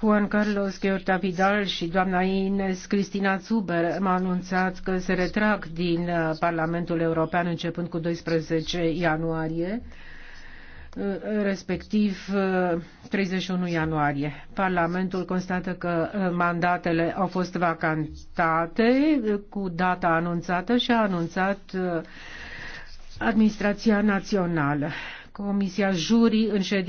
Juan Carlos. Gheorta Vidal și doamna Ines Cristina Zuber m au anunțat că se retrag din uh, Parlamentul European începând cu 12 ianuarie, uh, respectiv 31 uh, ianuarie. Parlamentul constată că mandatele au fost vacantate cu data anunțată și a anunțat Administrația Națională. Comisia Jurii în ședință